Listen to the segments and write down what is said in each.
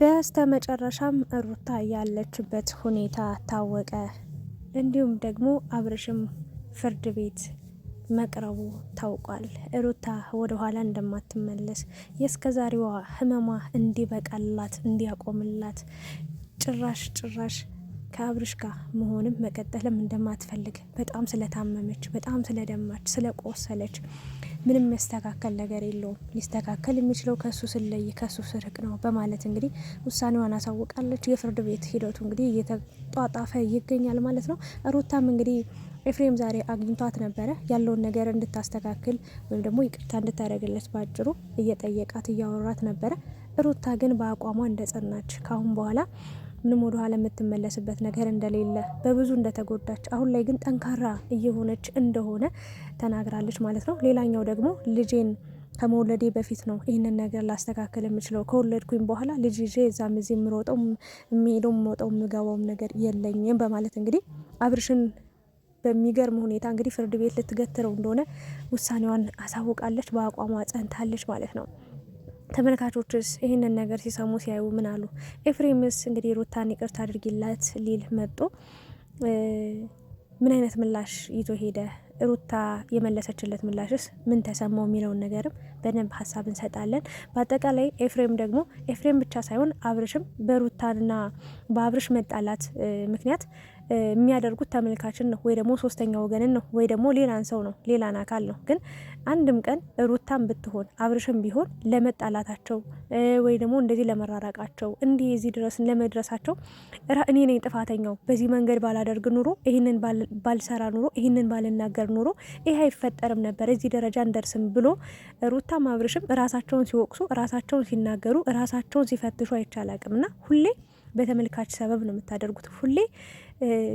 በስተ መጨረሻም ሩታ ያለችበት ሁኔታ ታወቀ። እንዲሁም ደግሞ አብርሽም ፍርድ ቤት መቅረቡ ታውቋል። ሩታ ወደ ኋላ እንደማትመለስ የእስከዛሬዋ ህመሟ እንዲበቃላት እንዲያቆምላት ጭራሽ ጭራሽ ከአብርሽ ጋር መሆንም መቀጠልም እንደማትፈልግ በጣም ስለታመመች፣ በጣም ስለደማች፣ ስለቆሰለች ምንም መስተካከል ነገር የለውም። ሊስተካከል የሚችለው ከሱ ስለይ ከሱ ስርቅ ነው በማለት እንግዲህ ውሳኔዋን አሳውቃለች። የፍርድ ቤት ሂደቱ እንግዲህ እየተጧጣፈ ይገኛል ማለት ነው። ሩታም እንግዲህ ኤፍሬም ዛሬ አግኝቷት ነበረ። ያለውን ነገር እንድታስተካክል ወይም ደግሞ ይቅርታ እንድታደርግለት ባጭሩ እየጠየቃት እያወራት ነበረ። ሩታ ግን በአቋሟ እንደጸናች ካሁን በኋላ ምንም ኋላ የምትመለስበት ነገር እንደሌለ በብዙ እንደተጎዳች አሁን ላይ ግን ጠንካራ እየሆነች እንደሆነ ተናግራለች ማለት ነው። ሌላኛው ደግሞ ልጄን ከመውለዴ በፊት ነው ይህንን ነገር ላስተካከል የምችለው። ከወለድኩኝ በኋላ ልጅ ይዤ እዛም እዚህ የምሮጠው የሚሄደው የምወጣው የምገባውም ነገር የለኝም በማለት እንግዲህ አብርሽን በሚገርም ሁኔታ እንግዲህ ፍርድ ቤት ልትገትረው እንደሆነ ውሳኔዋን አሳውቃለች። በአቋሟ ጸንታለች ማለት ነው። ተመልካቾችስ ይህንን ነገር ሲሰሙ ሲያዩ ምን አሉ? ኤፍሬምስ እንግዲህ ሩታን ይቅርታ አድርጊላት ሊል መጦ ምን አይነት ምላሽ ይዞ ሄደ? ሩታ የመለሰችለት ምላሽስ ምን ተሰማው የሚለውን ነገርም በደንብ ሀሳብ እንሰጣለን። በአጠቃላይ ኤፍሬም ደግሞ ኤፍሬም ብቻ ሳይሆን አብርሽም በሩታና በአብርሽ መጣላት ምክንያት የሚያደርጉት ተመልካችን ነው ወይ ደግሞ ሶስተኛ ወገንን ነው ወይ ደግሞ ሌላን ሰው ነው ሌላን አካል ነው። ግን አንድም ቀን ሩታም ብትሆን አብርሽም ቢሆን ለመጣላታቸው ወይ ደግሞ እንደዚህ ለመራራቃቸው እንዲህ እዚህ ድረስ ለመድረሳቸው እኔ ነኝ ጥፋተኛው፣ በዚህ መንገድ ባላደርግ ኑሮ፣ ይህንን ባልሰራ ኑሮ፣ ይህንን ባልናገር ኑሮ ይህ አይፈጠርም ነበር፣ እዚህ ደረጃ እንደርስም ብሎ ሩታም አብርሽም ራሳቸውን ሲወቅሱ፣ ራሳቸውን ሲናገሩ፣ ራሳቸውን ሲፈትሹ አይቻላቅም እና ሁሌ በተመልካች ሰበብ ነው የምታደርጉት ሁሌ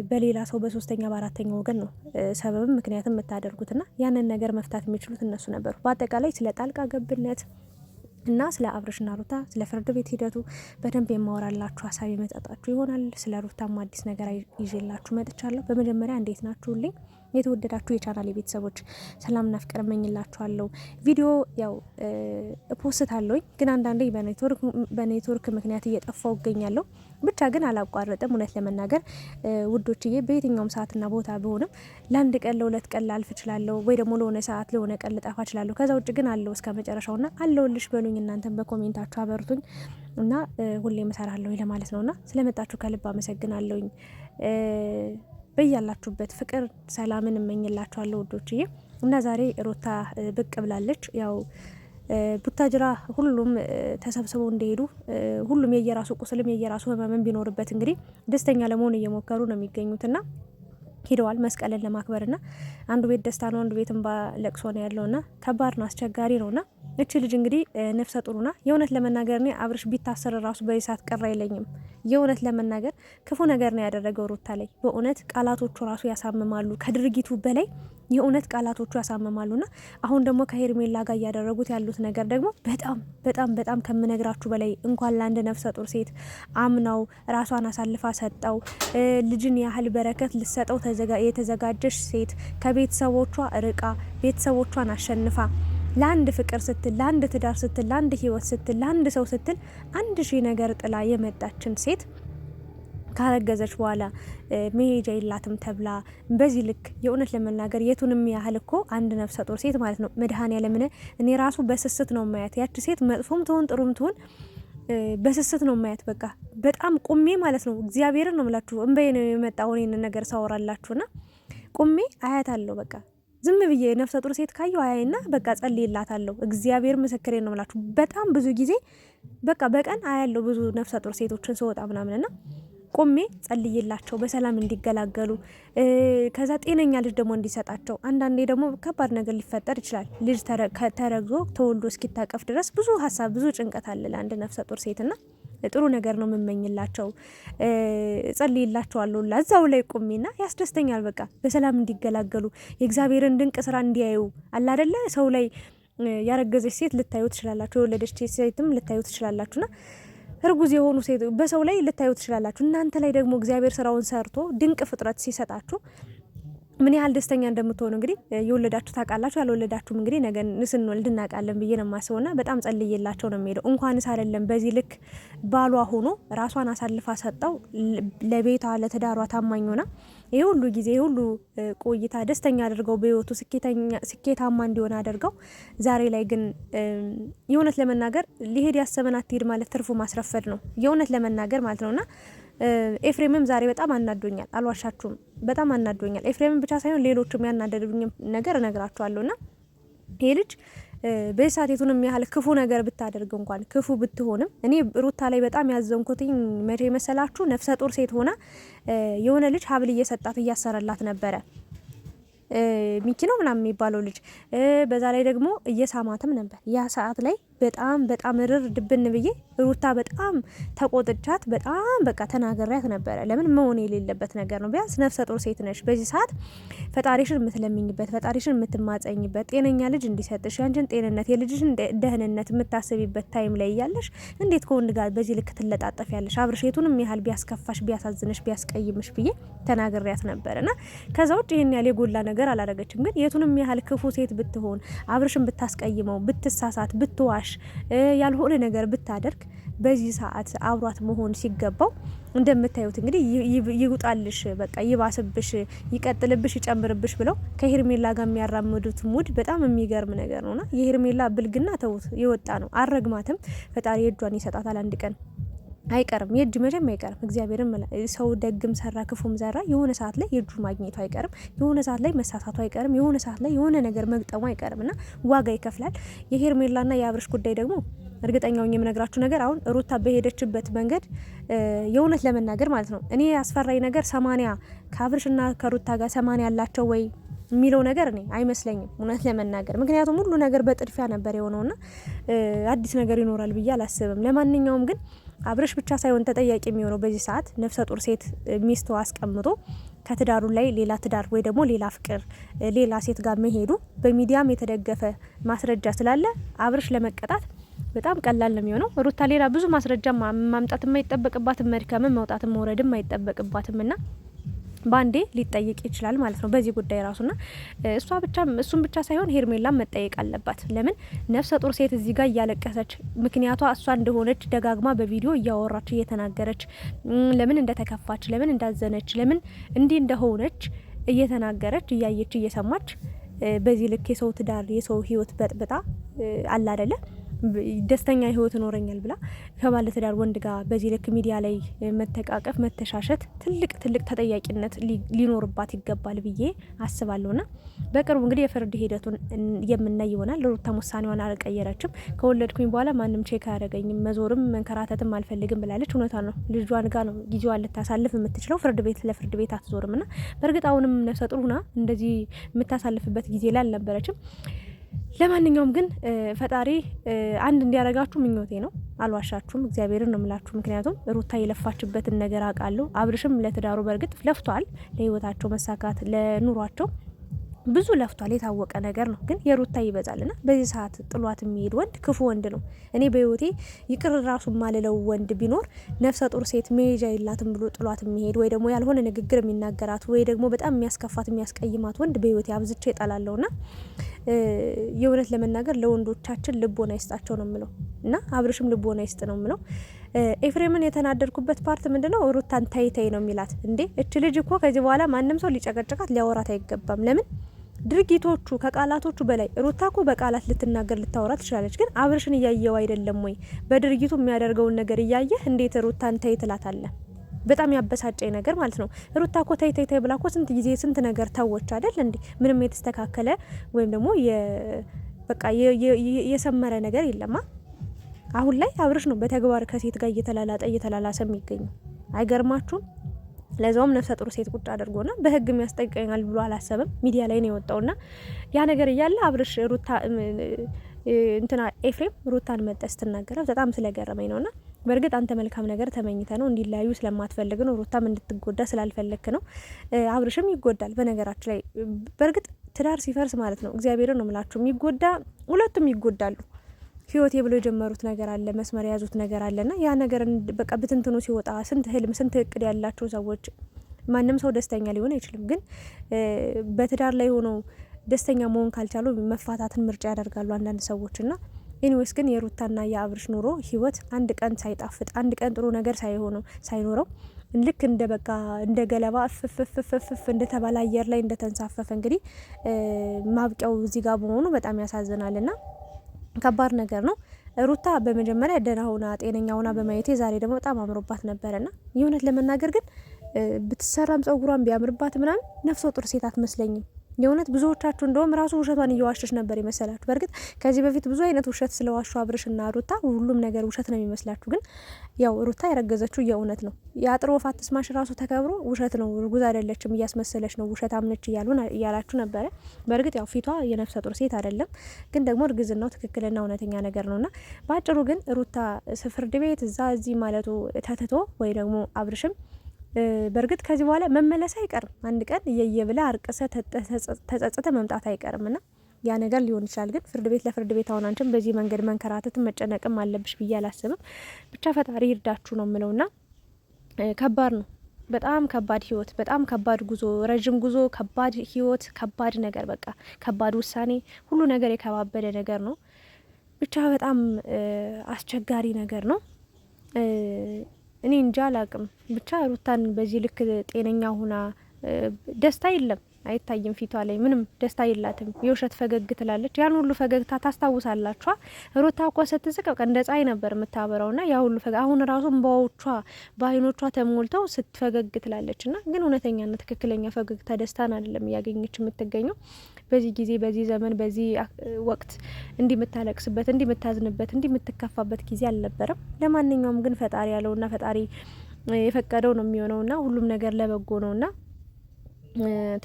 በሌላ ሰው በሶስተኛ በአራተኛ ወገን ነው ሰበብም ምክንያትም የምታደርጉትና ያንን ነገር መፍታት የሚችሉት እነሱ ነበሩ። በአጠቃላይ ስለ ጣልቃ ገብነት እና ስለ አብርሽና ሩታ ስለ ፍርድ ቤት ሂደቱ በደንብ የማወራላችሁ ሀሳብ የመጣጣችሁ ይሆናል። ስለ ሩታም አዲስ ነገር ይዤላችሁ መጥቻለሁ። በመጀመሪያ እንዴት ናችሁልኝ? የተወደዳችሁ የቻናል የቤተሰቦች ሰላምና ፍቅር እመኝላችኋለሁ። ቪዲዮ ያው ፖስት አለውኝ ግን አንዳንዴ በኔትወርክ ምክንያት እየጠፋው እገኛለሁ። ብቻ ግን አላቋረጥም። እውነት ለመናገር ውዶችዬ በየትኛውም ሰዓትና ቦታ ቢሆንም ለአንድ ቀን ለሁለት ቀን ላልፍ እችላለሁ፣ ወይ ደግሞ ለሆነ ሰዓት ለሆነ ቀን ልጠፋ እችላለሁ። ከዛ ውጭ ግን አለው እስከ መጨረሻውና አለውልሽ በሉኝ። እናንተን በኮሜንታችሁ አበርቱኝ እና ሁሌ እሰራለሁ ለማለት ነውና ስለመጣችሁ ከልብ አመሰግናለሁኝ። በያላችሁበት ፍቅር ሰላምን እመኝላችኋለሁ ውዶችዬ። እና ዛሬ ሩታ ብቅ ብላለች። ያው ቡታጅራ ሁሉም ተሰብስበው እንደሄዱ ሁሉም የየራሱ ቁስልም የየራሱ ህመምን ቢኖርበት እንግዲህ ደስተኛ ለመሆን እየሞከሩ ነው የሚገኙትና ሂደዋል መስቀልን ለማክበርና አንዱ ቤት ደስታ ነው፣ አንዱ ቤት እንባ ለቅሶ ነው ና ከባድ ነው፣ አስቸጋሪ ነውና እቺ ልጅ እንግዲህ ነፍሰ ጡሩና የእውነት ለመናገር እኔ አብርሽ ቢታሰር ራሱ በሳት ቀር አይለኝም። የእውነት ለመናገር ክፉ ነገር ነው ያደረገው ሩታ ላይ። በእውነት ቃላቶቹ ራሱ ያሳምማሉ፣ ከድርጊቱ በላይ የእውነት ቃላቶቹ ያሳምማሉና አሁን ደግሞ ከሄርሜላ ጋር እያደረጉት ያሉት ነገር ደግሞ በጣም በጣም በጣም ከምነግራችሁ በላይ እንኳን ለአንድ ነፍሰ ጡር ሴት አምናው ራሷን አሳልፋ ሰጠው ልጅን ያህል በረከት ልሰጠው የተዘጋጀች ሴት ከቤተሰቦቿ ርቃ ቤተሰቦቿን አሸንፋ ለአንድ ፍቅር ስትል፣ ለአንድ ትዳር ስትል፣ ለአንድ ህይወት ስትል፣ ለአንድ ሰው ስትል አንድ ሺህ ነገር ጥላ የመጣችን ሴት ካረገዘች በኋላ መሄጃ የላትም ተብላ በዚህ ልክ የእውነት ለመናገር የቱንም ያህል እኮ አንድ ነፍሰ ጡር ሴት ማለት ነው መድኃኔዓለምን እኔ ራሱ በስስት ነው ማያት። ያች ሴት መጥፎም ትሆን ጥሩም ትሆን በስስት ነው ማየት። በቃ በጣም ቁሜ ማለት ነው እግዚአብሔርን ነው ምላችሁ እንበይ ነው የመጣ ሆኔን ነገር ሳወራላችሁና ቁሜ አያት አለው በቃ ዝም ብዬ ነፍሰ ጡር ሴት ካየሁ አያይና በቃ ጸልይላታለሁ። እግዚአብሔር ምስክሬ ነው የምላችሁ። በጣም ብዙ ጊዜ በቃ በቀን አያለሁ ብዙ ነፍሰ ጡር ሴቶችን ስወጣ ምናምንና ቆሜ ጸልይላቸው በሰላም እንዲገላገሉ ከዛ ጤነኛ ልጅ ደግሞ እንዲሰጣቸው። አንዳንዴ ደግሞ ከባድ ነገር ሊፈጠር ይችላል። ልጅ ተረግዞ ተወልዶ እስኪታቀፍ ድረስ ብዙ ሀሳብ፣ ብዙ ጭንቀት አለ ለአንድ ነፍሰ ጡር ሴትና ጥሩ ነገር ነው የምመኝላቸው፣ ጸልይላቸዋለሁ። እዛው ላይ ቁሜና ያስደስተኛል። በቃ በሰላም እንዲገላገሉ የእግዚአብሔርን ድንቅ ስራ እንዲያዩ አላደለ ሰው ላይ ያረገዘች ሴት ልታዩ ትችላላችሁ፣ የወለደች ሴትም ልታዩ ትችላላችሁና እርጉዝ የሆኑ ሴት በሰው ላይ ልታዩ ትችላላችሁ። እናንተ ላይ ደግሞ እግዚአብሔር ስራውን ሰርቶ ድንቅ ፍጥረት ሲሰጣችሁ ምን ያህል ደስተኛ እንደምትሆኑ እንግዲህ የወለዳችሁ ታውቃላችሁ፣ ያልወለዳችሁም እንግዲህ ነገ ስንወልድ እናውቃለን ብዬ ነው የማስበው። ና በጣም ጸልዬላቸው ነው የሚሄደው። እንኳንስ አይደለም በዚህ ልክ ባሏ ሆኖ ራሷን አሳልፋ ሰጠው ለቤቷ ለትዳሯ ታማኝ ሆና ይህ ሁሉ ጊዜ ይህ ሁሉ ቆይታ ደስተኛ አድርገው በህይወቱ ስኬታማ እንዲሆን አድርገው ዛሬ ላይ ግን የእውነት ለመናገር ሊሄድ ያሰበን አትሄድ ማለት ትርፉ ማስረፈድ ነው የእውነት ለመናገር ማለት ነውና ኤፍሬምም ዛሬ በጣም አናዶኛል፣ አልዋሻችሁም፣ በጣም አናዶኛል። ኤፍሬምም ብቻ ሳይሆን ሌሎችም ያናደዱኝም ነገር ና ይህ ልጅ በሰዓት የቱንም ያህል ክፉ ነገር ብታደርግ እንኳን ክፉ ብትሆንም እኔ ሩታ ላይ በጣም ያዘንኩትኝ መቼ መሰላችሁ? ነፍሰ ጡር ሴት ሆና የሆነ ልጅ ሀብል እየሰጣት እያሰረላት ነበረ ሚኪ ነው ምናምን የሚባለው ልጅ። በዛ ላይ ደግሞ እየሳማትም ነበር ያ ሰዓት ላይ በጣም በጣም ርር ድብን ብዬ ሩታ በጣም ተቆጥቻት፣ በጣም በቃ ተናገሪያት ነበረ። ለምን መሆን የሌለበት ነገር ነው። ቢያንስ ነፍሰ ጡር ሴት ነሽ። በዚህ ሰዓት ፈጣሪሽን የምትለምኝበት፣ ፈጣሪሽን የምትማጸኝበት፣ ጤነኛ ልጅ እንዲሰጥሽ፣ ያንችን ጤንነት፣ የልጅሽን ደህንነት የምታስቢበት ታይም ላይ እያለሽ እንዴት ከወንድ ጋር በዚህ ልክ ትለጣጠፍ ያለሽ? አብርሽ የቱንም ያህል ቢያስከፋሽ፣ ቢያሳዝንሽ፣ ቢያስቀይምሽ ብዬ ተናገሪያት ነበረ እና ከዛ ውጭ ይህን ያህል የጎላ ነገር አላደረገችም። ግን የቱንም ያህል ክፉ ሴት ብትሆን፣ አብርሽን ብታስቀይመው፣ ብትሳሳት፣ ብትዋሽ ብትዋሽ ያልሆነ ነገር ብታደርግ በዚህ ሰዓት አብሯት መሆን ሲገባው እንደምታዩት እንግዲህ ይውጣልሽ፣ በቃ ይባስብሽ፣ ይቀጥልብሽ፣ ይጨምርብሽ ብለው ከሄርሜላ ጋር የሚያራምዱት ሙድ በጣም የሚገርም ነገር ነውና የሄርሜላ ብልግና ተውት የወጣ ነው። አረግማትም ፈጣሪ እጇን ይሰጣታል አንድ ቀን አይቀርም የእጅ መቼም አይቀርም። እግዚአብሔርም ሰው ደግም ሰራ ክፉም ዘራ የሆነ ሰዓት ላይ የእጁ ማግኘቱ አይቀርም። የሆነ ሰዓት ላይ መሳሳቱ አይቀርም። የሆነ ሰዓት ላይ የሆነ ነገር መግጠሙ አይቀርም እና ዋጋ ይከፍላል። የሄርሜላና የአብርሽ ጉዳይ ደግሞ እርግጠኛው የምነግራችሁ ነገር አሁን ሩታ በሄደችበት መንገድ የእውነት ለመናገር ማለት ነው እኔ አስፈራኝ ነገር ሰማንያ ከአብርሽና ከሩታ ጋር ሰማንያ ያላቸው ወይ የሚለው ነገር እኔ አይመስለኝም፣ እውነት ለመናገር ምክንያቱም ሁሉ ነገር በጥድፊያ ነበር የሆነውና አዲስ ነገር ይኖራል ብዬ አላስብም። ለማንኛውም ግን አብርሽ ብቻ ሳይሆን ተጠያቂ የሚሆነው በዚህ ሰዓት ነፍሰ ጡር ሴት ሚስቱ አስቀምጦ ከትዳሩ ላይ ሌላ ትዳር ወይ ደግሞ ሌላ ፍቅር ሌላ ሴት ጋር መሄዱ በሚዲያም የተደገፈ ማስረጃ ስላለ አብርሽ ለመቀጣት በጣም ቀላል ነው የሚሆነው። ሩታ ሌላ ብዙ ማስረጃ ማምጣት የማይጠበቅባትም መድከምም መውጣትም መውረድም አይጠበቅባትም ና በአንዴ ሊጠየቅ ይችላል ማለት ነው። በዚህ ጉዳይ ራሱና እሷ ብቻ እሱን ብቻ ሳይሆን ሄርሜላ መጠየቅ አለባት። ለምን ነፍሰ ጡር ሴት እዚህ ጋር እያለቀሰች ምክንያቷ እሷ እንደሆነች ደጋግማ በቪዲዮ እያወራች እየተናገረች ለምን እንደተከፋች፣ ለምን እንዳዘነች፣ ለምን እንዲህ እንደሆነች እየተናገረች እያየች እየሰማች በዚህ ልክ የሰው ትዳር የሰው ህይወት በጥብጣ አላደለ ደስተኛ ህይወት ይኖረኛል ብላ ከባለትዳር ወንድ ጋር በዚህ ልክ ሚዲያ ላይ መተቃቀፍ፣ መተሻሸት ትልቅ ትልቅ ተጠያቂነት ሊኖርባት ይገባል ብዬ አስባለሁና በቅርቡ እንግዲህ የፍርድ ሂደቱን የምናይ ይሆናል። ሩታም ውሳኔዋን አልቀየረችም። ከወለድኩኝ በኋላ ማንም ቼክ አያደርገኝም፣ መዞርም መንከራተትም አልፈልግም ብላለች። እውነታ ነው። ልጇን ጋር ነው ጊዜዋን ልታሳልፍ የምትችለው። ፍርድ ቤት ለፍርድ ቤት አትዞርም ና በእርግጥ አሁንም ነፍሰ ጡር እንደዚህ የምታሳልፍበት ጊዜ ላይ አልነበረችም። ለማንኛውም ግን ፈጣሪ አንድ እንዲያረጋችሁ ምኞቴ ነው። አልዋሻችሁም፣ እግዚአብሔርን ነው የምላችሁ። ምክንያቱም ሩታ የለፋችበትን ነገር አውቃለሁ። አብርሽም ለትዳሩ በእርግጥ ለፍቷል፣ ለህይወታቸው መሳካት ለኑሯቸው ብዙ ለፍቷል፣ የታወቀ ነገር ነው። ግን የሩታ ይበዛልና በዚህ ሰዓት ጥሏት የሚሄድ ወንድ ክፉ ወንድ ነው። እኔ በህይወቴ ይቅር ራሱ ማልለው ወንድ ቢኖር ነፍሰ ጡር ሴት መሄጃ የላትም ብሎ ጥሏት የሚሄድ ወይ ደግሞ ያልሆነ ንግግር የሚናገራት ወይ ደግሞ በጣም የሚያስከፋት የሚያስቀይማት ወንድ በህይወቴ አብዝቼ እጠላለሁና የእውነት ለመናገር ለወንዶቻችን ልቦና ይስጣቸው ነው የምለው እና አብርሽም ልቦና ይስጥ ነው የምለው። ኤፍሬምን የተናደድኩበት ፓርት ምንድነው? ሩታን ተይ ነው የሚላት። እንዴ እች ልጅ እኮ ከዚህ በኋላ ማንም ሰው ሊጨቀጭቃት ሊያወራት አይገባም። ለምን ድርጊቶቹ ከቃላቶቹ በላይ ሩታ ኮ በቃላት ልትናገር ልታወራ ትችላለች። ግን አብርሽን እያየው አይደለም ወይ? በድርጊቱ የሚያደርገውን ነገር እያየህ እንዴት ሩታን ተይ ትላታለ? በጣም ያበሳጨኝ ነገር ማለት ነው። ሩታ ኮ ተይ ተይ ተይ ብላ ኮ ስንት ጊዜ ስንት ነገር ታወች አይደል እንዴ? ምንም የተስተካከለ ወይም ደግሞ በቃ የሰመረ ነገር የለማ። አሁን ላይ አብርሽ ነው በተግባር ከሴት ጋር እየተላላጠ እየተላላሰ የሚገኘው። አይገርማችሁም? ለዛውም ነፍሰ ጡር ሴት ቁጭ አድርጎና በህግ ያስጠይቀኛል ብሎ አላሰበም። ሚዲያ ላይ ነው የወጣውና ያ ነገር እያለ አብርሽ ሩታ እንትና ኤፍሬም ሩታን መጠስ ስትናገረ በጣም ስለገረመኝ ነውና በእርግጥ አንተ መልካም ነገር ተመኝተ ነው እንዲለያዩ ስለማትፈልግ ነው። ሩታም እንድትጎዳ ስላልፈለግክ ነው። አብርሽም ይጎዳል በነገራችን ላይ በእርግጥ ትዳር ሲፈርስ ማለት ነው እግዚአብሔርን ነው ምላችሁ የሚጎዳ ሁለቱም ይጎዳሉ። ህይወቴ ብሎ የጀመሩት ነገር አለ፣ መስመር የያዙት ነገር አለና ያ ነገር በቃ ብትንትኑ ሲወጣ ስንት ህልም ስንት እቅድ ያላቸው ሰዎች ማንም ሰው ደስተኛ ሊሆን አይችልም። ግን በትዳር ላይ ሆኖ ደስተኛ መሆን ካልቻሉ መፋታትን ምርጫ ያደርጋሉ አንዳንድ ሰዎች እና ኢኒዌስ ግን የሩታና የአብርሽ ኑሮ ህይወት አንድ ቀን ሳይጣፍጥ አንድ ቀን ጥሩ ነገር ሳይሆነው ሳይኖረው ልክ እንደ በቃ እንደ ገለባ ፍፍፍፍፍ እንደተባለ አየር ላይ እንደተንሳፈፈ እንግዲህ ማብቂያው እዚህ ጋር በሆኑ በጣም ያሳዝናልና ከባድ ነገር ነው። ሩታ በመጀመሪያ ደህና ሆና ጤነኛ ሆና በማየቴ ዛሬ ደግሞ በጣም አምሮባት ነበረና የእውነት ለመናገር ግን ብትሰራም ጸጉሯን ቢያምርባት ምናምን ነፍሰ ጡር ሴት አትመስለኝም። የእውነት ብዙዎቻችሁ እንደውም ራሱ ውሸቷን እየዋሸች ነበር ይመስላችሁ። በእርግጥ ከዚህ በፊት ብዙ አይነት ውሸት ስለዋሹ አብርሽና ሩታ ሁሉም ነገር ውሸት ነው የሚመስላችሁ። ግን ያው ሩታ ያረገዘችው የእውነት ነው። የአጥር ወፍ አትስማሽ ራሱ ተከብሮ ውሸት ነው፣ እርጉዝ አይደለችም፣ እያስመሰለች ነው፣ ውሸት አምነች እያላችሁ ነበረ። በእርግጥ ያው ፊቷ የነፍሰ ጡር ሴት አይደለም፣ ግን ደግሞ እርግዝናው ትክክልና እውነተኛ ነገር ነውና በአጭሩ ግን ሩታ ፍርድ ቤት እዛ እዚህ ማለቱ ተትቶ ወይ ደግሞ አብርሽም በእርግጥ ከዚህ በኋላ መመለስ አይቀርም። አንድ ቀን እየየ ብለ አርቅሰህ ተጸጽተህ መምጣት አይቀርም እና ያ ነገር ሊሆን ይችላል። ግን ፍርድ ቤት ለፍርድ ቤት አሁን አንችም በዚህ መንገድ መንከራተትም መጨነቅም አለብሽ ብዬ አላስብም። ብቻ ፈጣሪ ይርዳችሁ ነው የምለው ና ከባድ ነው በጣም ከባድ ህይወት፣ በጣም ከባድ ጉዞ፣ ረዥም ጉዞ፣ ከባድ ህይወት፣ ከባድ ነገር፣ በቃ ከባድ ውሳኔ፣ ሁሉ ነገር የከባበደ ነገር ነው። ብቻ በጣም አስቸጋሪ ነገር ነው። እኔ እንጃ አላቅም። ብቻ ሩታን በዚህ ልክ ጤነኛ ሁና ደስታ የለም አይታይም ፊቷ ላይ ምንም ደስታ የላትም። የውሸት ፈገግ ትላለች። ያን ሁሉ ፈገግታ ታስታውሳላችኋ። ሩታ እኮ ስትስቅ በቃ እንደ ፀሐይ ነበር የምታበራው ና ያ ሁሉ ፈገግ አሁን ራሱ እንባዎቿ በአይኖቿ ተሞልተው ስትፈገግ ትላለች። ና ግን እውነተኛና ትክክለኛ ፈገግታ ደስታን አይደለም እያገኘች የምትገኘው። በዚህ ጊዜ በዚህ ዘመን በዚህ ወቅት እንዲምታለቅስበት እንዲምታዝንበት እንዲምትከፋበት ጊዜ አልነበረም። ለማንኛውም ግን ፈጣሪ ያለውና ፈጣሪ የፈቀደው ነው የሚሆነውና ሁሉም ነገር ለበጎ ነውና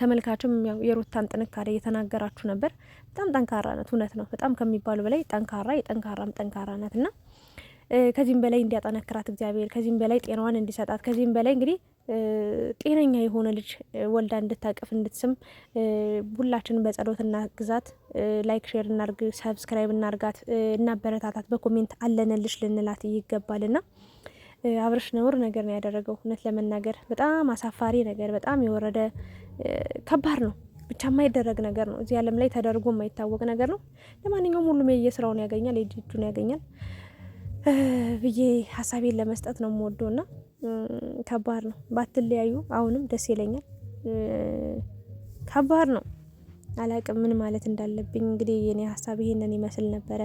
ተመልካችም የሩታን ጥንካሬ እየተናገራችሁ ነበር። በጣም ጠንካራ ናት፣ እውነት ነው። በጣም ከሚባሉ በላይ ጠንካራ የጠንካራም ጠንካራ ናትና። ከዚህም በላይ እንዲያጠነክራት እግዚአብሔር ከዚህም በላይ ጤናዋን እንዲሰጣት ከዚህም በላይ እንግዲህ ጤነኛ የሆነ ልጅ ወልዳ እንድታቀፍ እንድትስም ሁላችንም በጸሎት እናግዛት። ላይክ ሼር እናርግ፣ ሰብስክራይብ እናርጋት፣ እናበረታታት። በኮሜንት አለንልሽ ልንላት ይገባልና አብርሽ ነውር ነገር ነው ያደረገው። እውነት ለመናገር በጣም አሳፋሪ ነገር፣ በጣም የወረደ ከባድ ነው። ብቻ የማይደረግ ነገር ነው። እዚህ ዓለም ላይ ተደርጎ የማይታወቅ ነገር ነው። ለማንኛውም ሁሉም የየስራውን ያገኛል፣ የእጁን ያገኛል። ብዬ ሀሳቤን ለመስጠት ነው የምወደው። እና ከባድ ነው፣ ባትለያዩ አሁንም ደስ ይለኛል። ከባድ ነው። አላቅም ምን ማለት እንዳለብኝ። እንግዲህ የኔ ሀሳብ ይሄንን ይመስል ነበረ።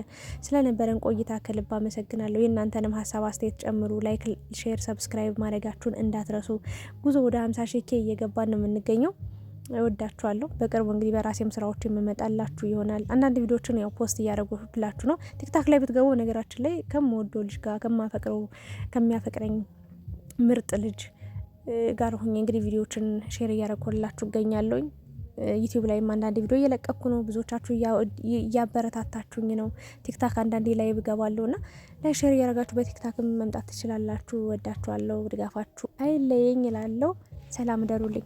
ስለነበረን ቆይታ ከልብ አመሰግናለሁ። የእናንተንም ሀሳብ አስተያየት ጨምሩ። ላይክ፣ ሼር፣ ሰብስክራይብ ማድረጋችሁን እንዳትረሱ። ጉዞ ወደ ሀምሳ ሺህ ኬ እየገባን ነው የምንገኘው። እወዳችኋለሁ። በቅርቡ እንግዲህ በራሴም ስራዎች የምመጣላችሁ ይሆናል። አንዳንድ ቪዲዮችን ያው ፖስት እያደረጉላችሁ ነው። ቲክታክ ላይ ብትገቡ ነገራችን ላይ ከምወደው ልጅ ጋር ከማፈቅረው ከሚያፈቅረኝ ምርጥ ልጅ ጋር ሁኜ እንግዲህ ቪዲዮችን ሼር እያደረኩላችሁ እገኛለሁኝ። ዩቲዩብ ላይም አንዳንድ ቪዲዮ እየለቀኩ ነው። ብዙዎቻችሁ እያበረታታችሁኝ ነው። ቲክታክ አንዳንዴ ላይ ብገባለሁ እና ላይ ሼር እያደረጋችሁ በቲክታክም መምጣት ትችላላችሁ። ወዳችኋለሁ። ድጋፋችሁ አይለየኝ እላለሁ። ሰላም ደሩልኝ።